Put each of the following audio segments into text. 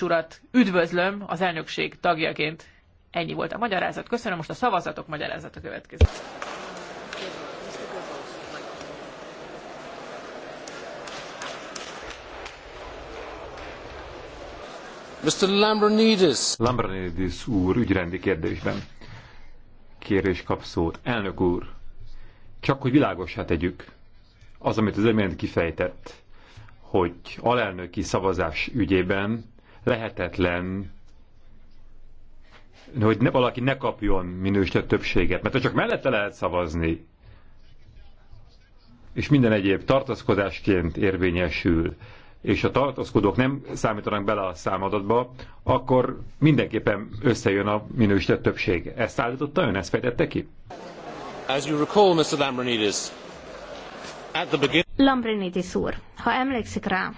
Navracics urat üdvözlöm az elnökség tagjaként. Ennyi volt a magyarázat. Köszönöm, most a szavazatok magyarázata következik. Mr. Lambronidis. Lambronidis úr ügyrendi kérdésben. Kérés kap szót. Elnök úr, csak hogy világosá tegyük, az, amit az emént kifejtett, hogy alelnöki szavazás ügyében lehetetlen, hogy ne, valaki ne kapjon minősített többséget, mert csak mellette lehet szavazni, és minden egyéb tartaszkodásként érvényesül, és a tartozkodók nem számítanak bele a számadatba, akkor mindenképpen összejön a minősített többség. Ezt állította ön? Ezt fejtette ki? As you recall, Mr. Lambrinidis, at the beginning... Lambrinidis úr, ha emlékszik rá,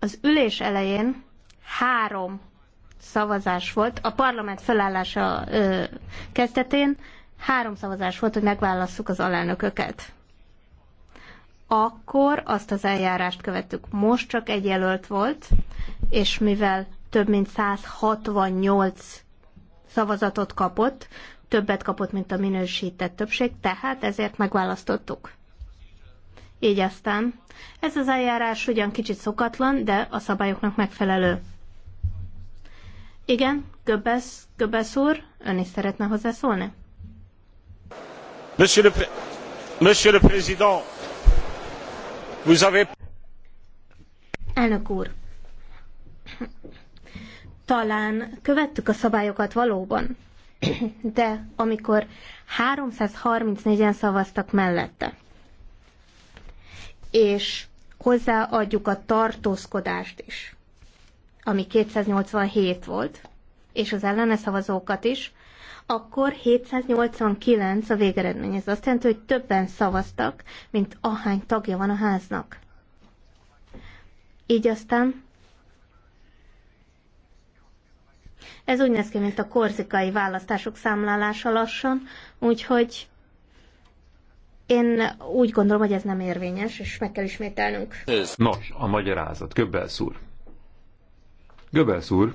az ülés elején három szavazás volt, a parlament felállása ö, kezdetén három szavazás volt, hogy megválasszuk az alelnököket. Akkor azt az eljárást követtük. Most csak egy jelölt volt, és mivel több mint 168 szavazatot kapott, többet kapott, mint a minősített többség, tehát ezért megválasztottuk. Így aztán. Ez az eljárás ugyan kicsit szokatlan, de a szabályoknak megfelelő. Igen, Göbbesz, Göbbesz úr, ön is szeretne hozzászólni? Monsieur le, Monsieur le Président, vous avez... Elnök úr, talán követtük a szabályokat valóban, de amikor 334-en szavaztak mellette, és hozzáadjuk a tartózkodást is, ami 287 volt, és az ellene szavazókat is, akkor 789 a végeredmény. Ez azt jelenti, hogy többen szavaztak, mint ahány tagja van a háznak. Így aztán ez úgy néz ki, mint a korzikai választások számlálása lassan, úgyhogy én úgy gondolom, hogy ez nem érvényes, és meg kell ismételnünk. Nos, a magyarázat. Göbbelsz úr. Göbbelsz úr.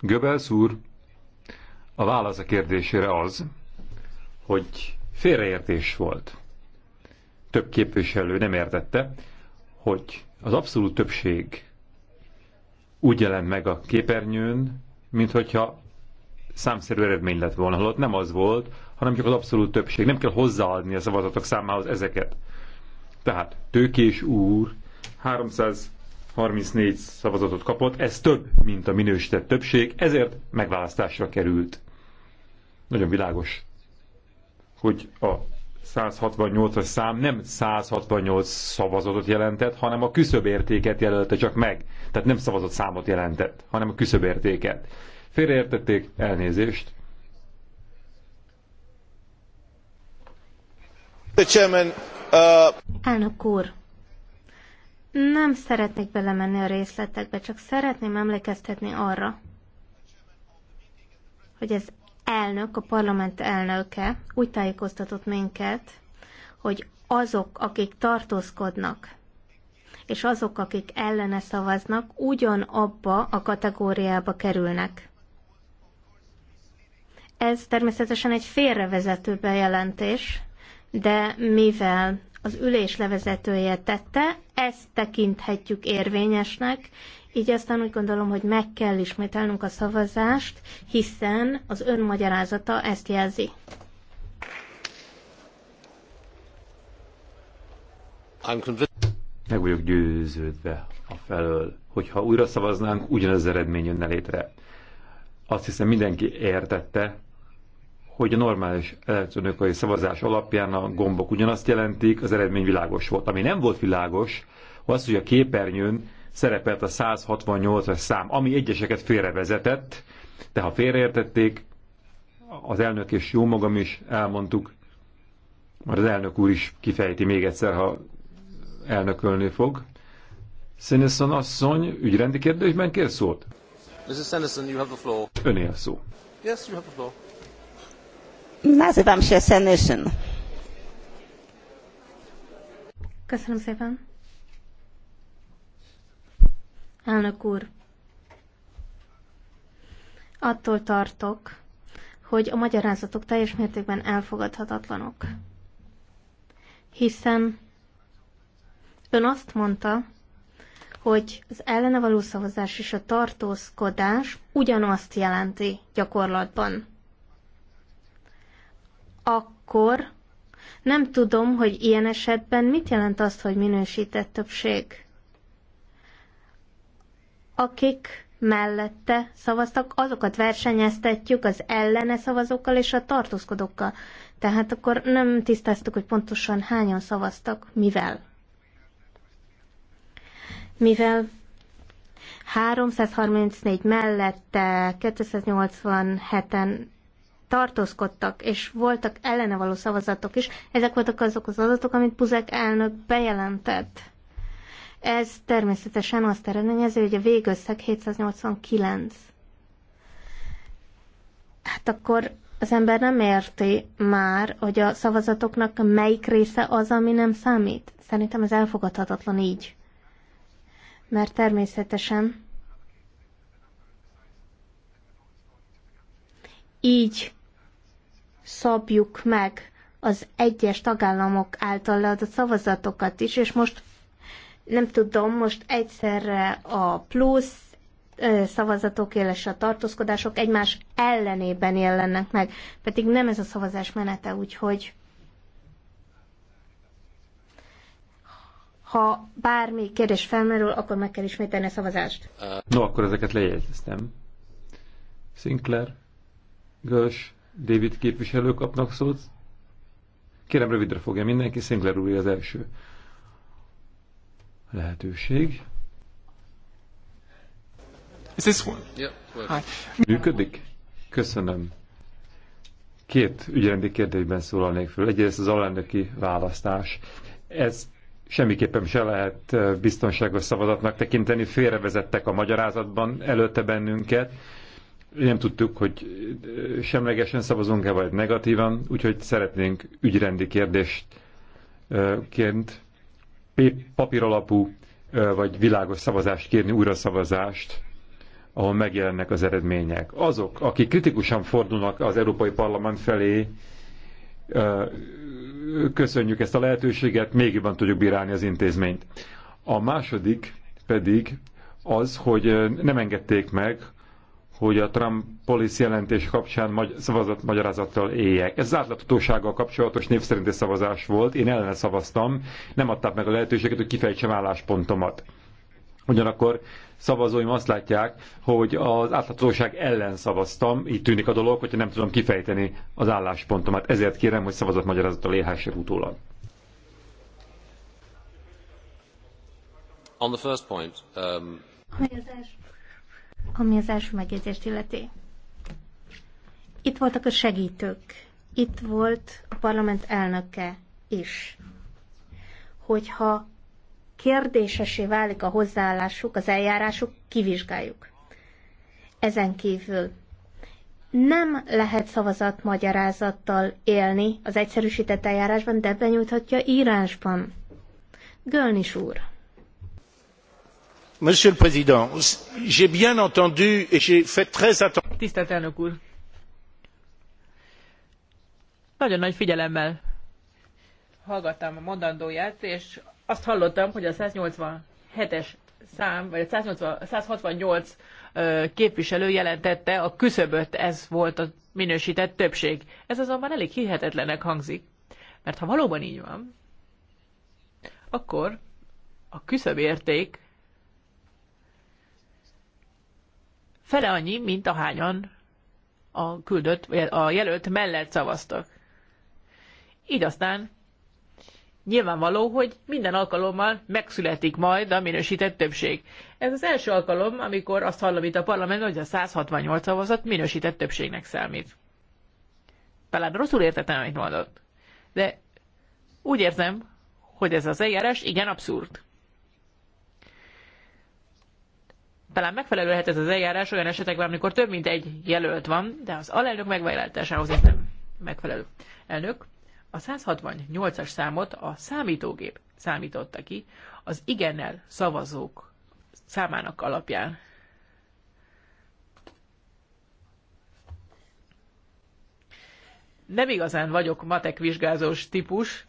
Göbbelsz úr. A válasz a kérdésére az, hogy félreértés volt. Több képviselő nem értette, hogy az abszolút többség úgy jelent meg a képernyőn, mint hogyha számszerű eredmény lett volna, holott nem az volt, hanem csak az abszolút többség. Nem kell hozzáadni a szavazatok számához ezeket. Tehát Tőkés úr 334 szavazatot kapott, ez több, mint a minősített többség, ezért megválasztásra került. Nagyon világos, hogy a 168-as szám nem 168 szavazatot jelentett, hanem a küszöbértéket jelölte csak meg. Tehát nem szavazott számot jelentett, hanem a küszöbértéket. Félreértették, elnézést. Uh, elnök úr, nem szeretnék belemenni a részletekbe, csak szeretném emlékeztetni arra, hogy az elnök, a parlament elnöke úgy tájékoztatott minket, hogy azok, akik tartózkodnak, és azok, akik ellene szavaznak, ugyanabba a kategóriába kerülnek. Ez természetesen egy félrevezető bejelentés, de mivel az ülés levezetője tette, ezt tekinthetjük érvényesnek, így aztán úgy gondolom, hogy meg kell ismételnünk a szavazást, hiszen az önmagyarázata ezt jelzi. Meg vagyok győződve a felől, hogyha újra szavaznánk, ugyanaz eredmény jönne létre. Azt hiszem mindenki értette, hogy a normális elektronikai szavazás alapján a gombok ugyanazt jelentik, az eredmény világos volt. Ami nem volt világos, az, hogy a képernyőn szerepelt a 168-as szám, ami egyeseket félrevezetett, de ha félreértették, az elnök és jó magam is elmondtuk, majd az elnök úr is kifejti még egyszer, ha elnökölni fog. Szeneszon asszony, ügyrendi kérdésben kér szót? Mrs. Sanderson, you have the floor. Öné a szó. Yes, you have the floor. Nazywam się Senyszyn. Köszönöm szépen. Elnök úr, attól tartok, hogy a magyarázatok teljes mértékben elfogadhatatlanok. Hiszen ön azt mondta, hogy az ellene való szavazás és a tartózkodás ugyanazt jelenti gyakorlatban akkor nem tudom, hogy ilyen esetben mit jelent azt, hogy minősített többség. Akik mellette szavaztak, azokat versenyeztetjük az ellene szavazókkal és a tartózkodókkal. Tehát akkor nem tisztáztuk, hogy pontosan hányan szavaztak, mivel. Mivel 334 mellette 287-en tartózkodtak, és voltak ellene való szavazatok is. Ezek voltak azok az adatok, amit Buzek elnök bejelentett. Ez természetesen azt eredményezi, hogy a végösszeg 789. Hát akkor az ember nem érti már, hogy a szavazatoknak melyik része az, ami nem számít. Szerintem ez elfogadhatatlan így. Mert természetesen így szabjuk meg az egyes tagállamok által leadott szavazatokat is, és most nem tudom, most egyszerre a plusz szavazatok és a tartózkodások egymás ellenében jelennek meg, pedig nem ez a szavazás menete, úgyhogy ha bármi kérdés felmerül, akkor meg kell ismételni a szavazást. No, akkor ezeket lejegyeztem. Sinclair, Gös, David képviselő kapnak szót. Kérem, rövidre fogja mindenki, Sinclair úr az első lehetőség. Is this one? Yeah, Működik? Köszönöm. Két ügyrendi kérdésben szólalnék föl. Egyrészt az alelnöki választás. Ez semmiképpen se lehet eh, biztonságos szavazatnak tekinteni. Félrevezettek a magyarázatban előtte bennünket nem tudtuk, hogy semlegesen szavazunk-e, vagy negatívan, úgyhogy szeretnénk ügyrendi kérdést kérni, papíralapú vagy világos szavazást kérni, újra szavazást, ahol megjelennek az eredmények. Azok, akik kritikusan fordulnak az Európai Parlament felé, köszönjük ezt a lehetőséget, még jobban tudjuk bírálni az intézményt. A második pedig az, hogy nem engedték meg, hogy a Trump policy jelentés kapcsán magy- szavazat magyarázattal éljek. Ez az átláthatósággal kapcsolatos népszerinti szavazás volt, én ellene szavaztam, nem adták meg a lehetőséget, hogy kifejtsem álláspontomat. Ugyanakkor szavazóim azt látják, hogy az átláthatóság ellen szavaztam, így tűnik a dolog, hogyha nem tudom kifejteni az álláspontomat. Ezért kérem, hogy magyarázattal élhessek utólag. On the first point, um... Ami az első megjegyzést illeti. Itt voltak a segítők, itt volt a parlament elnöke is. Hogyha kérdésesé válik a hozzáállásuk, az eljárásuk, kivizsgáljuk. Ezen kívül nem lehet szavazatmagyarázattal élni az egyszerűsített eljárásban, de benyújthatja írásban. Gölnis úr! Monsieur le Président, j'ai bien entendu et j'ai fait très attention. hallottam, hogy a 187 vagy a 180, 168 képviselő jelentette a küszöböt, ez volt a minősített többség. Ez azonban elég hihetetlenek hangzik, mert ha valóban így van, akkor a küszöbérték fele annyi, mint ahányan a küldött, a jelölt mellett szavaztak. Így aztán nyilvánvaló, hogy minden alkalommal megszületik majd a minősített többség. Ez az első alkalom, amikor azt hallom itt a parlament, hogy a 168 szavazat minősített többségnek számít. Talán rosszul értettem, amit mondott. De úgy érzem, hogy ez az eljárás igen abszurd. talán megfelelő lehet ez az eljárás olyan esetekben, amikor több mint egy jelölt van, de az alelnök megválasztásához ez nem megfelelő. Elnök, a 168-as számot a számítógép számította ki az igennel szavazók számának alapján. Nem igazán vagyok matek vizsgázós típus,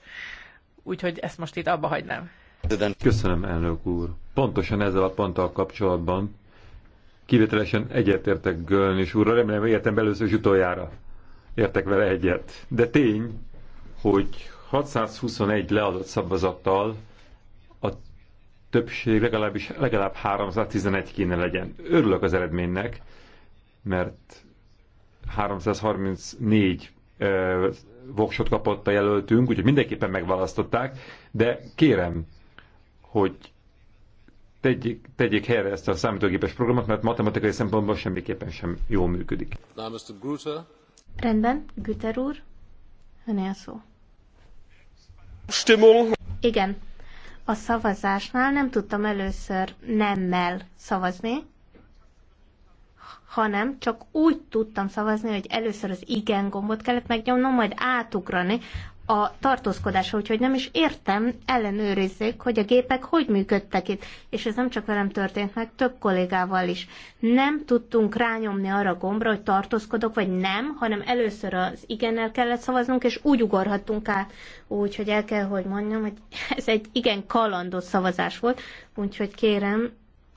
úgyhogy ezt most itt abba hagynám. Köszönöm, elnök úr. Pontosan ezzel a ponttal kapcsolatban kivételesen egyetértek Göln és úrra, remélem értem először és utoljára. Értek vele egyet. De tény, hogy 621 leadott szavazattal a többség legalábbis, legalább 311 kéne legyen. Örülök az eredménynek, mert 334 voksot kapott a jelöltünk, úgyhogy mindenképpen megválasztották, de kérem, hogy tegyék, tegyék helyre ezt a számítógépes programot, mert matematikai szempontból semmiképpen sem jól működik. Rendben, Güter úr, önél szó. Stimmung. Igen, a szavazásnál nem tudtam először nemmel szavazni, hanem csak úgy tudtam szavazni, hogy először az igen gombot kellett megnyomnom, majd átugrani a tartózkodásra, úgyhogy nem is értem, ellenőrizzék, hogy a gépek hogy működtek itt. És ez nem csak velem történt meg, több kollégával is. Nem tudtunk rányomni arra gombra, hogy tartózkodok, vagy nem, hanem először az igennel kellett szavaznunk, és úgy ugorhattunk át. Úgyhogy el kell, hogy mondjam, hogy ez egy igen kalandos szavazás volt, úgyhogy kérem,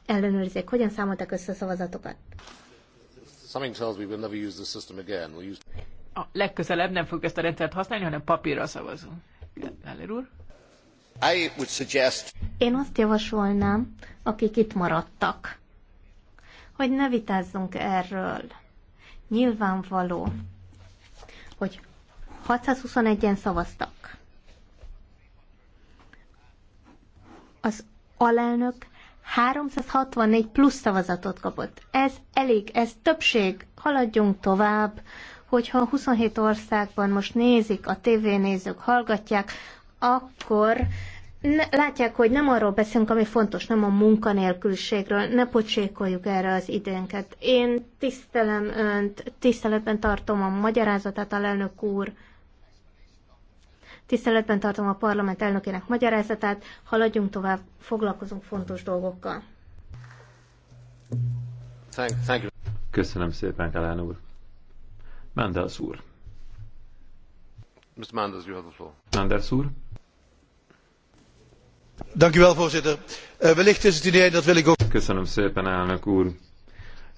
ellenőrizzék, hogyan számoltak össze a szavazatokat. Something tells me we'll never use system again. We'll use a legközelebb nem fogjuk ezt a rendszert használni, hanem papírra szavazunk. Eller úr? I would suggest... Én azt javasolnám, akik itt maradtak, hogy ne vitázzunk erről. Nyilvánvaló, hogy 621-en szavaztak. Az alelnök 364 plusz szavazatot kapott. Ez elég, ez többség. Haladjunk tovább hogyha 27 országban most nézik, a tévénézők hallgatják, akkor ne, látják, hogy nem arról beszélünk, ami fontos, nem a munkanélküliségről, ne pocsékoljuk erre az időnket. Én tisztelem önt, tiszteletben tartom a magyarázatát, a lelnök úr, tiszteletben tartom a parlament elnökének magyarázatát, haladjunk tovább, foglalkozunk fontos dolgokkal. Thank, thank you. Köszönöm szépen, Kalán úr. Mendels úr. Mr. Manders, you have the floor. Manders úr. Dank u wel, voorzitter. Uh, wellicht is het idee dat wil ik ook... Köszönöm szépen, elnök úr.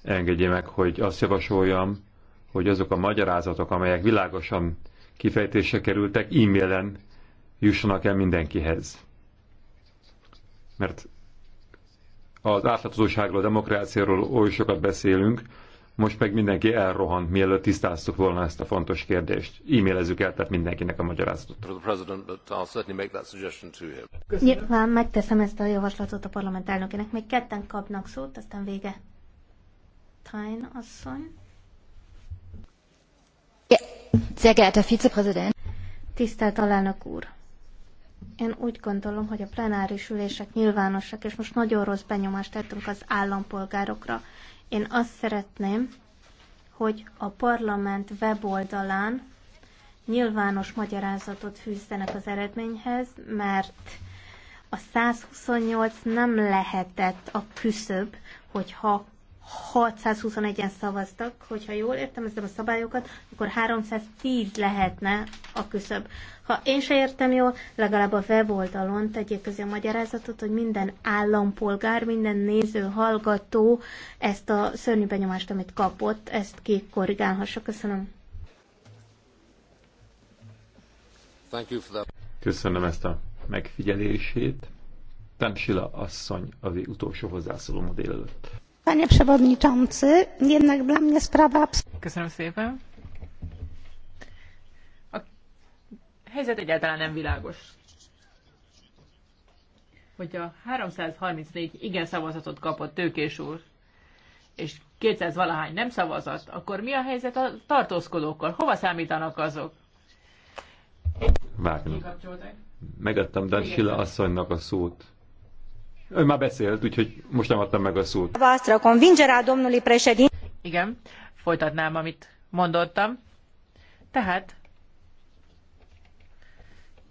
Engedje meg, hogy azt javasoljam, hogy azok a magyarázatok, amelyek világosan kifejtésre kerültek, e-mailen jussanak el mindenkihez. Mert az átlátozóságról, a demokráciáról oly sokat beszélünk, most meg mindenki elrohan, mielőtt tisztáztuk volna ezt a fontos kérdést. E-mailezzük el, tehát mindenkinek a magyarázatot. Nyilván megteszem ezt a javaslatot a parlament elnökének. Még ketten kapnak szót, aztán vége. Tain asszony. Ja. Sehr vicepresident. Tisztelt alelnök úr! Én úgy gondolom, hogy a plenáris ülések nyilvánosak, és most nagyon rossz benyomást tettünk az állampolgárokra. Én azt szeretném, hogy a parlament weboldalán nyilvános magyarázatot fűzzenek az eredményhez, mert a 128 nem lehetett a küszöb, hogyha 621-en szavaztak, hogyha jól értelmezem a szabályokat, akkor 310 lehetne a küszöb. Ha én se értem jól, legalább a weboldalon tegyék közé a magyarázatot, hogy minden állampolgár, minden néző, hallgató ezt a szörnyű benyomást, amit kapott, ezt korrigálhassa. Köszönöm. Köszönöm ezt a megfigyelését. Temsila asszony az utolsó hozzászóló ma délelőtt. Panie przewodniczący, jednak dla mnie sprawa... A helyzet egyáltalán nem világos. 334 igen szavazatot kapott Tőkés úr, és 200 valahány nem szavazott, akkor mi a helyzet a tartózkodókkal? Hova számítanak azok? Várjunk. Megadtam Dansila asszonynak a szót. Ön már beszélt, úgyhogy most nem adtam meg a szót. Igen, folytatnám, amit mondottam. Tehát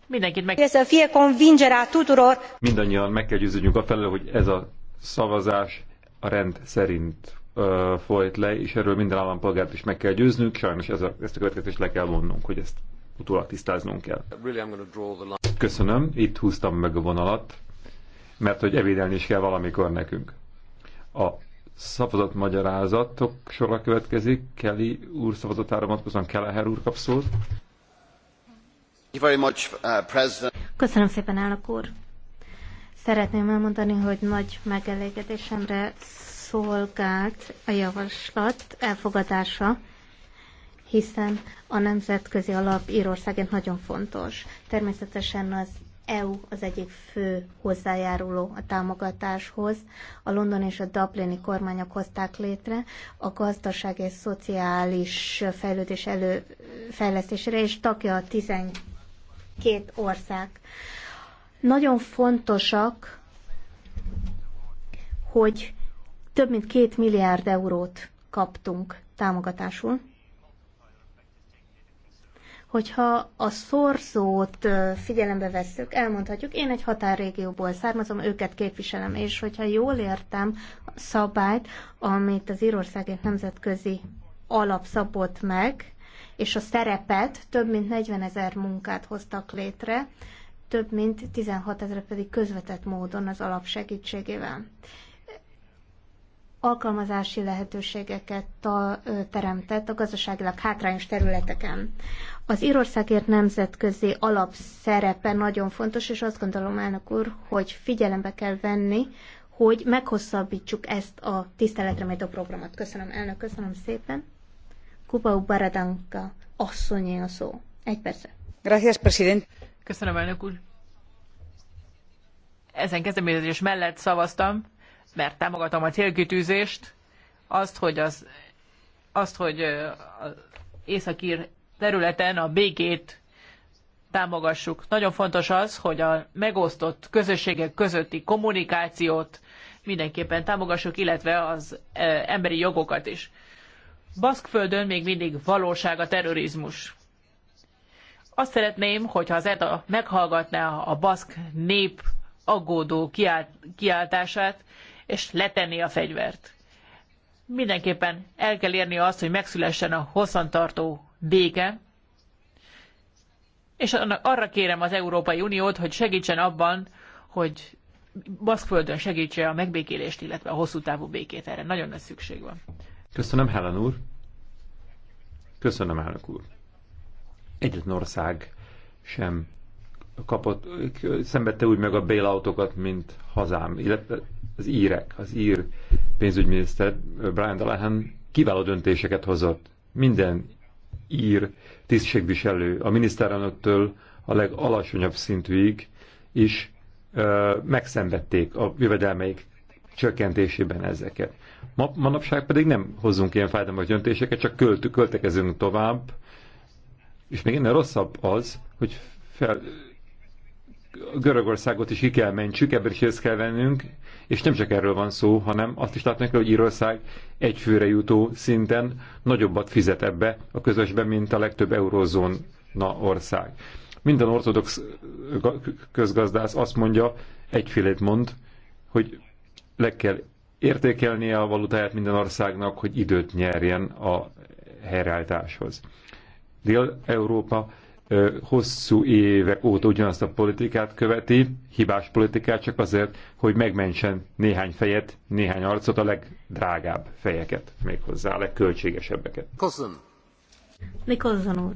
mindenkit meg... Mindannyian meg kell győződjünk a felől, hogy ez a szavazás a rend szerint ö, folyt le, és erről minden állampolgárt is meg kell győznünk. Sajnos ez a, ezt a következést le kell vonnunk, hogy ezt utólag tisztáznunk kell. Köszönöm, itt húztam meg a vonalat mert hogy evidelni is kell valamikor nekünk. A szavazat magyarázatok sorra következik. Kelly úr szavazatára vonatkozóan Keleher úr kap szót. Uh, Köszönöm szépen, elnök úr. Szeretném elmondani, hogy nagy megelégedésemre szolgált a javaslat elfogadása, hiszen a nemzetközi alap Írországért nagyon fontos. Természetesen az EU az egyik fő hozzájáruló a támogatáshoz. A London és a Dublini kormányok hozták létre a gazdaság és szociális fejlődés előfejlesztésére, és tagja a 12 ország. Nagyon fontosak, hogy több mint két milliárd eurót kaptunk támogatásul hogyha a szorzót figyelembe vesszük, elmondhatjuk, én egy határrégióból származom, őket képviselem, és hogyha jól értem a szabályt, amit az Írországért Nemzetközi Alap szabott meg, és a szerepet több mint 40 ezer munkát hoztak létre, több mint 16 ezer pedig közvetett módon az alap segítségével alkalmazási lehetőségeket teremtett a gazdaságilag hátrányos területeken. Az Írországért nemzetközi alapszerepe nagyon fontos, és azt gondolom, elnök úr, hogy figyelembe kell venni, hogy meghosszabbítsuk ezt a tiszteletre méltó programot. Köszönöm, elnök, köszönöm szépen. Kubau Baradanka asszonyé a szó. Egy persze. Gracias, president. Köszönöm, elnök úr. Ezen kezdeményezés mellett szavaztam, mert támogatom a célkitűzést, azt, hogy az azt, hogy az északír területen a békét támogassuk. Nagyon fontos az, hogy a megosztott közösségek közötti kommunikációt mindenképpen támogassuk, illetve az e, emberi jogokat is. Baszkföldön még mindig valóság a terrorizmus. Azt szeretném, hogyha az ETA meghallgatná a baszk nép aggódó kiált, kiáltását, és letenné a fegyvert. Mindenképpen el kell érni azt, hogy megszülessen a hosszantartó béke, és arra kérem az Európai Uniót, hogy segítsen abban, hogy Baszkföldön segítse a megbékélést, illetve a hosszú távú békét erre. Nagyon nagy szükség van. Köszönöm, Helen úr. Köszönöm, elnök úr. Egyetlen ország sem kapott, szenvedte úgy meg a bailoutokat, mint hazám, illetve az írek, az ír pénzügyminiszter Brian Dalehan kiváló döntéseket hozott. Minden ír tisztségviselő a miniszterelnöktől a legalacsonyabb szintűig is ö, megszenvedték a jövedelmeik csökkentésében ezeket. Ma, manapság pedig nem hozunk ilyen fájdalmas döntéseket, csak költ, költekezünk tovább, és még ennél rosszabb az, hogy fel, Görögországot is ki kell mentsük, ebből is részt kell vennünk, és nem csak erről van szó, hanem azt is látni kell, hogy Írország főre jutó szinten nagyobbat fizet ebbe a közösben, mint a legtöbb eurozóna ország. Minden ortodox közgazdász azt mondja, egyfélét mond, hogy le kell értékelnie a valutáját minden országnak, hogy időt nyerjen a helyreállításhoz. Dél-Európa hosszú évek óta ugyanazt a politikát követi, hibás politikát csak azért, hogy megmentsen néhány fejet, néhány arcot, a legdrágább fejeket, méghozzá a legköltségesebbeket. Köszönöm. Nikolzon úr.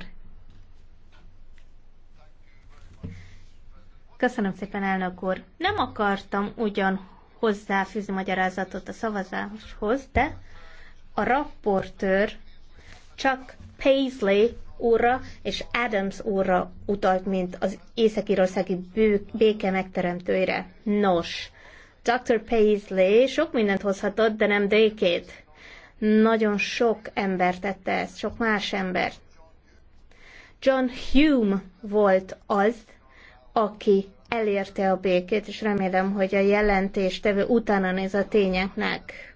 Köszönöm szépen, elnök úr. Nem akartam ugyan hozzáfűzni magyarázatot a szavazáshoz, de a rapportőr csak Paisley úrra és Adams úrra utalt, mint az észak-írországi béke megteremtőire. Nos, Dr. Paisley sok mindent hozhatott, de nem dékét. Nagyon sok ember tette ezt, sok más ember. John Hume volt az, aki elérte a békét, és remélem, hogy a tevő utána néz a tényeknek.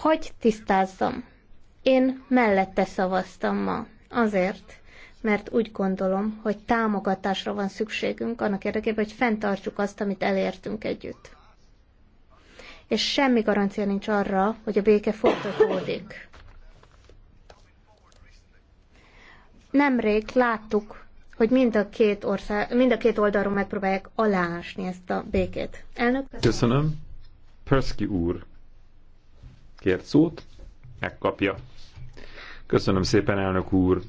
Hogy tisztázzam? Én mellette szavaztam ma. Azért, mert úgy gondolom, hogy támogatásra van szükségünk annak érdekében, hogy fenntartsuk azt, amit elértünk együtt. És semmi garancia nincs arra, hogy a béke folytatódik. Nemrég láttuk, hogy mind a két, ország, mind a két oldalról megpróbálják aláásni ezt a békét. Elnök? Köszönöm. Perszki úr kért szót, megkapja. Köszönöm szépen, elnök úr.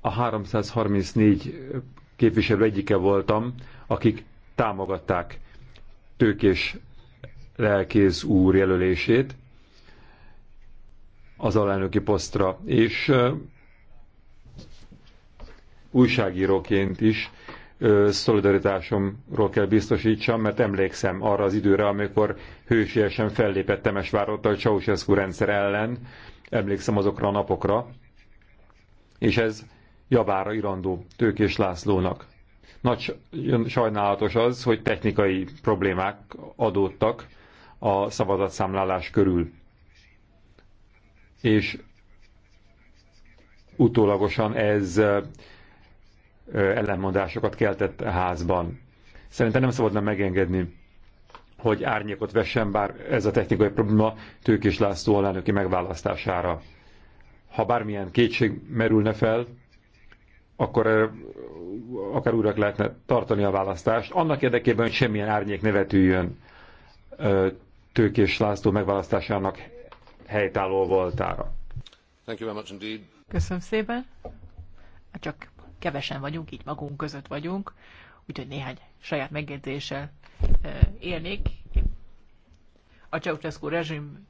A 334 képviselő egyike voltam, akik támogatták tőkés lelkész úr jelölését az alelnöki posztra, és újságíróként is szolidaritásomról kell biztosítsam, mert emlékszem arra az időre, amikor hősiesen fellépett Temesvárott a Ceausescu rendszer ellen, emlékszem azokra a napokra, és ez javára irandó Tőkés Lászlónak. Nagy sajnálatos az, hogy technikai problémák adódtak a szavazatszámlálás körül. És utólagosan ez ellenmondásokat keltett a házban. Szerintem nem szabadna megengedni, hogy árnyékot vessen, bár ez a technikai probléma Tőkés László alelnöki megválasztására. Ha bármilyen kétség merülne fel, akkor akár újra lehetne tartani a választást. Annak érdekében, hogy semmilyen árnyék ne vetüljön Tőkés László megválasztásának helytálló voltára. Thank you very much indeed. Köszönöm szépen. Csak kevesen vagyunk, így magunk között vagyunk, úgyhogy néhány saját megjegyzéssel élnék. A Ceausescu rezsim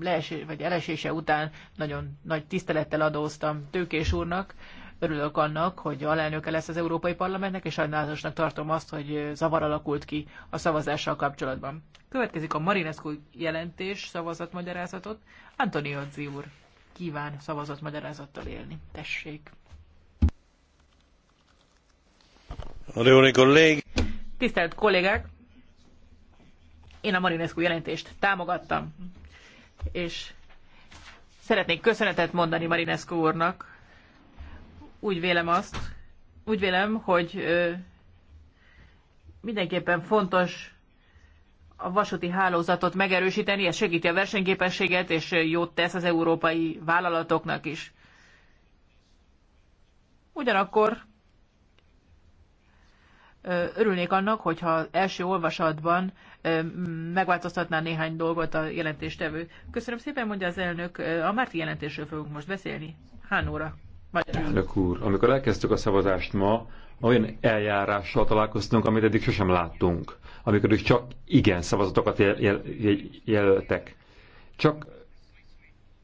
leesé, vagy elesése után nagyon nagy tisztelettel adóztam Tőkés úrnak. Örülök annak, hogy alelnöke lesz az Európai Parlamentnek, és sajnálatosnak tartom azt, hogy zavar alakult ki a szavazással kapcsolatban. Következik a Marinescu jelentés szavazatmagyarázatot. Zi úr kíván szavazatmagyarázattal élni. Tessék! Tisztelt kollégák! Én a Marinescu jelentést támogattam, és szeretnék köszönetet mondani Marinescu úrnak. Úgy vélem azt, úgy vélem, hogy ö, mindenképpen fontos a vasúti hálózatot megerősíteni, ez segíti a versenyképességet, és jót tesz az európai vállalatoknak is. Ugyanakkor Örülnék annak, hogyha első olvasatban megváltoztatná néhány dolgot a jelentéstevő. Köszönöm szépen, mondja az elnök. A Márti jelentésről fogunk most beszélni. Hán óra. Elnök úr, amikor elkezdtük a szavazást ma, olyan eljárással találkoztunk, amit eddig sosem láttunk. Amikor is csak igen szavazatokat jel- jel- jelöltek. Csak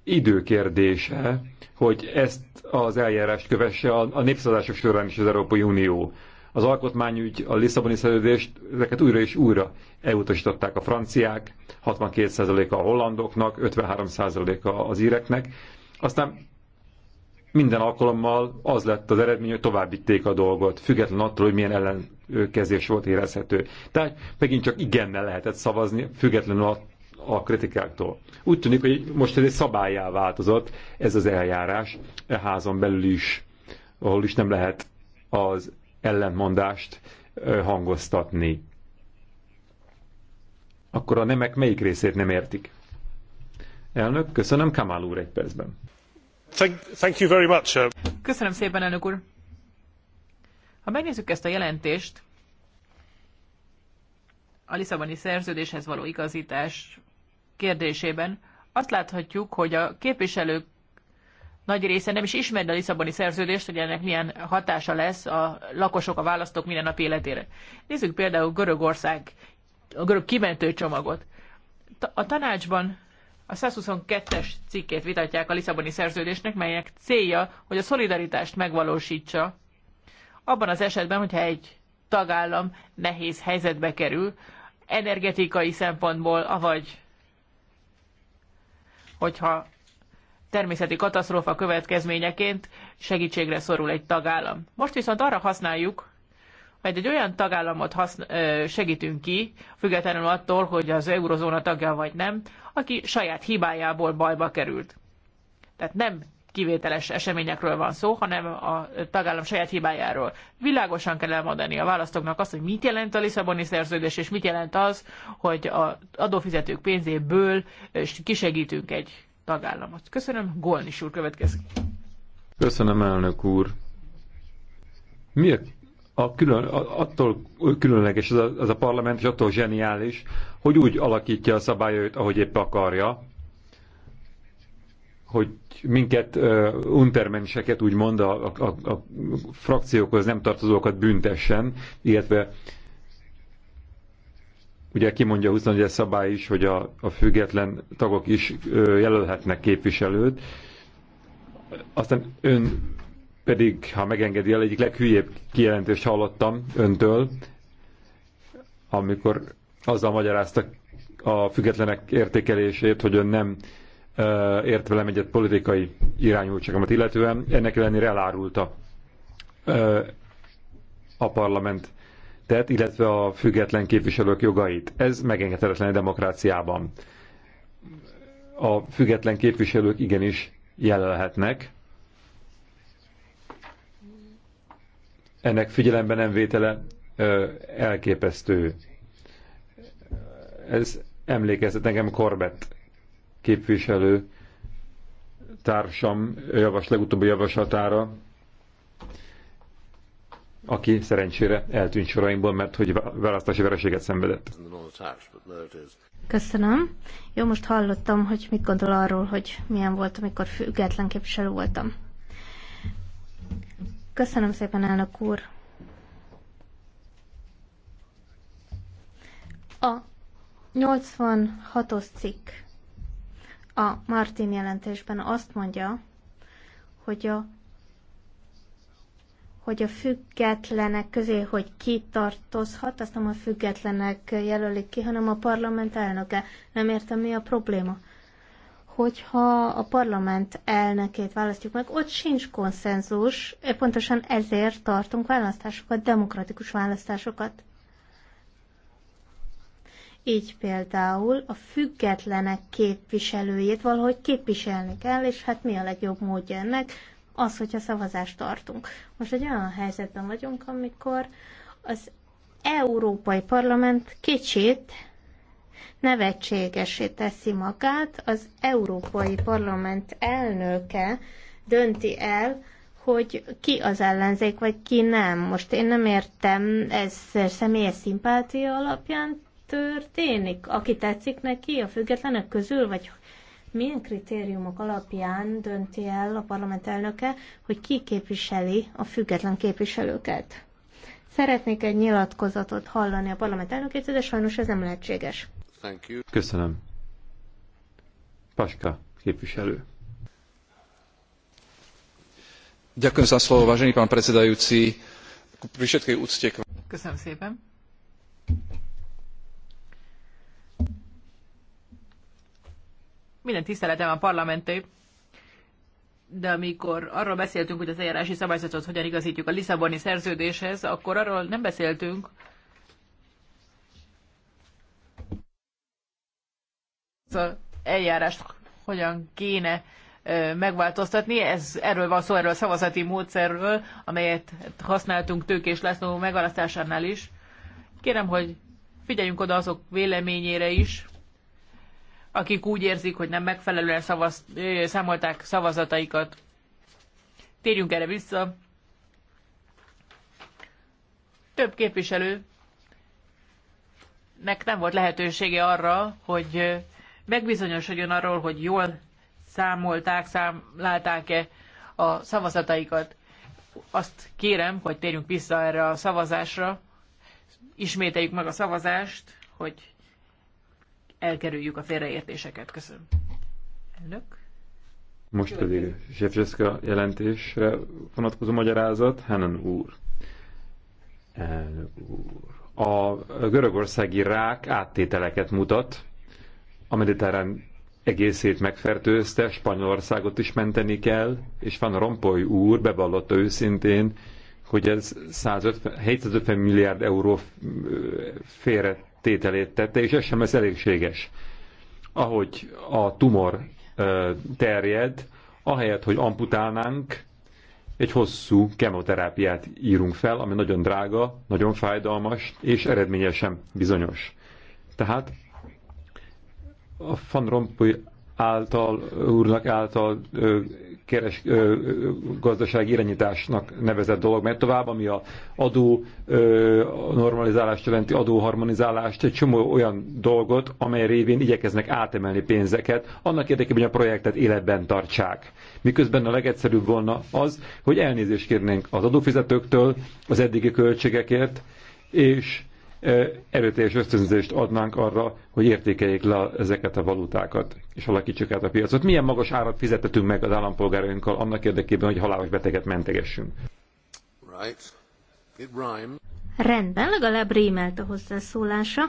időkérdése, hogy ezt az eljárást kövesse a, népszavazások népszavazásos során is az Európai Unió az alkotmányügy, a Lisszaboni szerződést, ezeket újra és újra elutasították a franciák, 62%-a a hollandoknak, 53%-a az íreknek. Aztán minden alkalommal az lett az eredmény, hogy tovább vitték a dolgot, független attól, hogy milyen ellenkezés volt érezhető. Tehát megint csak igennel lehetett szavazni, függetlenül a, a kritikáktól. Úgy tűnik, hogy most ez egy szabályá változott ez az eljárás, e házon belül is, ahol is nem lehet az ellentmondást hangoztatni. Akkor a nemek melyik részét nem értik? Elnök, köszönöm, Kamál úr egy percben. Thank, thank you very much. Uh, köszönöm szépen, elnök úr. Ha megnézzük ezt a jelentést, a Lisszaboni szerződéshez való igazítás kérdésében, azt láthatjuk, hogy a képviselők nagy része nem is ismerne a Lisszaboni szerződést, hogy ennek milyen hatása lesz a lakosok, a választók minden nap életére. Nézzük például Görögország, a görög kimentő csomagot. A tanácsban a 122-es cikkét vitatják a Lisszaboni szerződésnek, melynek célja, hogy a szolidaritást megvalósítsa abban az esetben, hogyha egy tagállam nehéz helyzetbe kerül, energetikai szempontból, avagy hogyha természeti katasztrófa következményeként segítségre szorul egy tagállam. Most viszont arra használjuk, hogy egy olyan tagállamot haszn- segítünk ki, függetlenül attól, hogy az eurozóna tagja vagy nem, aki saját hibájából bajba került. Tehát nem kivételes eseményekről van szó, hanem a tagállam saját hibájáról. Világosan kell elmondani a választóknak azt, hogy mit jelent a Lisszaboni szerződés, és mit jelent az, hogy az adófizetők pénzéből kisegítünk egy tagállamot. Köszönöm, Golnis úr következik. Köszönöm, elnök úr. Mi a külön, attól különleges ez a, ez a parlament, és attól zseniális, hogy úgy alakítja a szabályait, ahogy épp akarja, hogy minket, uh, untermenseket, úgymond a, a, a frakciókhoz nem tartozókat büntessen, illetve Ugye kimondja 24 szabály is, hogy a, a független tagok is jelölhetnek képviselőt. Aztán ön pedig, ha megengedi el, egyik leghülyébb kijelentést hallottam öntől, amikor azzal magyarázta a függetlenek értékelését, hogy ön nem ért velem egyet politikai irányultságomat illetően, ennek ellenére elárulta a parlament tett, illetve a független képviselők jogait. Ez megengedhetetlen a demokráciában. A független képviselők igenis jelölhetnek. Ennek figyelembe nem vétele elképesztő. Ez emlékeztet nekem Corbett képviselő társam javas, legutóbbi javaslatára, aki szerencsére eltűnt soraimból, mert hogy választási vereséget szenvedett. Köszönöm. Jó, most hallottam, hogy mit gondol arról, hogy milyen volt, amikor független képviselő voltam. Köszönöm szépen, elnök úr. A 86-os cikk a Martin jelentésben azt mondja, hogy a hogy a függetlenek közé, hogy ki tartozhat, azt nem a függetlenek jelölik ki, hanem a parlament elnöke. Nem értem, mi a probléma. Hogyha a parlament elnökét választjuk meg, ott sincs konszenzus, eh, pontosan ezért tartunk választásokat, demokratikus választásokat. Így például a függetlenek képviselőjét valahogy képviselni kell, és hát mi a legjobb módja ennek? az, hogyha szavazást tartunk. Most egy olyan helyzetben vagyunk, amikor az Európai Parlament kicsit nevetségesé teszi magát, az Európai Parlament elnöke dönti el, hogy ki az ellenzék, vagy ki nem. Most én nem értem, ez személyes szimpátia alapján történik. Aki tetszik neki, a függetlenek közül, vagy milyen kritériumok alapján dönti el a parlament elnöke, hogy ki képviseli a független képviselőket. Szeretnék egy nyilatkozatot hallani a parlament elnökétől, de sajnos ez nem lehetséges. Thank you. Köszönöm. Paska képviselő. Ďakujem za slovo, vážený pán predsedajúci. Pri všetkej úcte Köszönöm szépen. Minden tiszteletem a parlamenté, de amikor arról beszéltünk, hogy az eljárási szabályzatot hogyan igazítjuk a Lisszaboni szerződéshez, akkor arról nem beszéltünk, az eljárást hogyan kéne megváltoztatni. Ez, erről van szó, erről a szavazati módszerről, amelyet használtunk Tőkés László megválasztásánál is. Kérem, hogy figyeljünk oda azok véleményére is, akik úgy érzik, hogy nem megfelelően szavaz, számolták szavazataikat. Térjünk erre vissza. Több képviselő nek nem volt lehetősége arra, hogy megbizonyosodjon arról, hogy jól számolták, számlálták-e a szavazataikat. Azt kérem, hogy térjünk vissza erre a szavazásra, ismételjük meg a szavazást, hogy elkerüljük a félreértéseket. Köszönöm. Elnök. Most pedig Zsefzseszka jelentésre vonatkozó magyarázat, Hennen úr. Elnök úr. A görögországi rák áttételeket mutat, a mediterrán egészét megfertőzte, Spanyolországot is menteni kell, és Van Rompuy úr bevallotta őszintén, hogy ez 150, 750 milliárd euró félre tételét tette, és ez sem lesz elégséges. Ahogy a tumor terjed, ahelyett, hogy amputálnánk, egy hosszú kemoterápiát írunk fel, ami nagyon drága, nagyon fájdalmas, és eredményesen sem bizonyos. Tehát a Van Rompuy által, úrnak által keres, ö, gazdasági irányításnak nevezett dolog, mert tovább, ami a adó ö, normalizálást jelenti, adóharmonizálást, egy csomó olyan dolgot, amely révén igyekeznek átemelni pénzeket, annak érdekében, hogy a projektet életben tartsák. Miközben a legegyszerűbb volna az, hogy elnézést kérnénk az adófizetőktől az eddigi költségekért, és erőteljes ösztönzést adnánk arra, hogy értékeljék le ezeket a valutákat, és alakítsuk át a piacot. Milyen magas árat fizetetünk meg az állampolgárainkkal annak érdekében, hogy halálos beteget mentegessünk? Right. It Rendben, legalább rémelt a hozzászólása.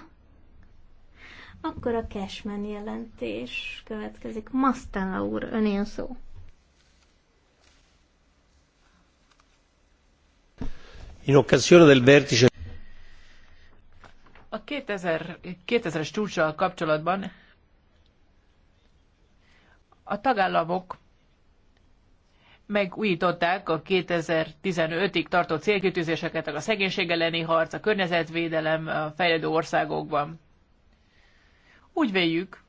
Akkor a Cashman jelentés következik. Mastella úr, önél szó. In occasione del vertice a 2000, 2000-es csúcsal kapcsolatban a tagállamok megújították a 2015-ig tartó célkitűzéseket, a szegénység elleni harc, a környezetvédelem a fejlődő országokban. Úgy véljük,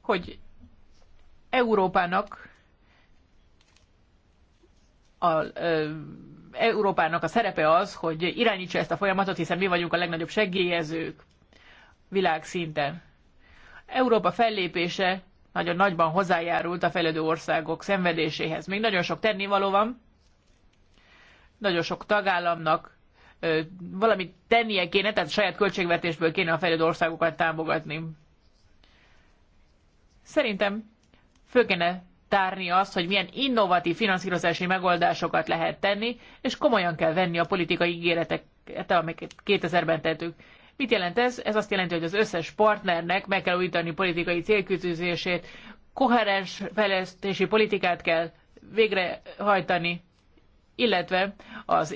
hogy Európának a, Európának a szerepe az, hogy irányítsa ezt a folyamatot, hiszen mi vagyunk a legnagyobb segélyezők világszinten. Európa fellépése nagyon nagyban hozzájárult a fejlődő országok szenvedéséhez. Még nagyon sok tennivaló van, nagyon sok tagállamnak ö, valamit tennie kéne, tehát saját költségvetésből kéne a fejlődő országokat támogatni. Szerintem föl kéne tárni azt, hogy milyen innovatív finanszírozási megoldásokat lehet tenni, és komolyan kell venni a politikai ígéreteket, amiket 2000-ben tettük. Mit jelent ez? Ez azt jelenti, hogy az összes partnernek meg kell újítani politikai célkütőzését, koherens fejlesztési politikát kell végrehajtani, illetve az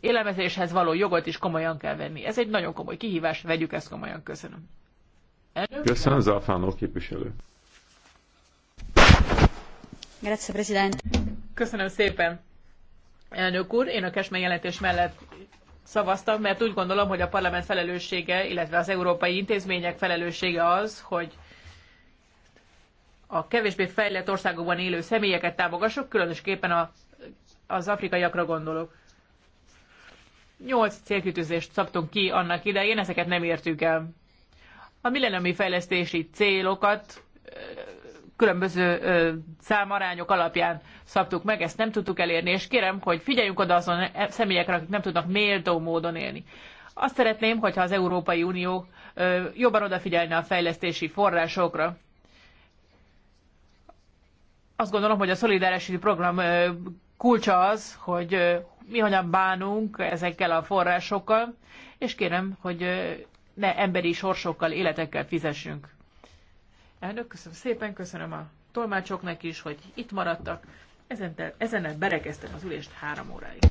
élelmezéshez való jogot is komolyan kell venni. Ez egy nagyon komoly kihívás, vegyük ezt komolyan. Köszönöm. Köszönöm, Zalfánó képviselő. Grazie, Presidente. Köszönöm szépen, elnök úr. Én a Kesmen jelentés mellett szavaztam, mert úgy gondolom, hogy a parlament felelőssége, illetve az európai intézmények felelőssége az, hogy a kevésbé fejlett országokban élő személyeket támogassuk, különösképpen a, az afrikaiakra gondolok. Nyolc célkütőzést szabtunk ki annak idején, ezeket nem értük el. A millenniumi fejlesztési célokat különböző számarányok alapján szabtuk meg, ezt nem tudtuk elérni, és kérem, hogy figyeljünk oda azon személyekre, akik nem tudnak méltó módon élni. Azt szeretném, hogyha az Európai Unió jobban odafigyelne a fejlesztési forrásokra. Azt gondolom, hogy a szolidaritási program kulcsa az, hogy mi hogyan bánunk ezekkel a forrásokkal, és kérem, hogy ne emberi sorsokkal, életekkel fizessünk. Elnök, köszönöm szépen, köszönöm a tolmácsoknak is, hogy itt maradtak. ezen ezennel berekeztem az ülést három óráig.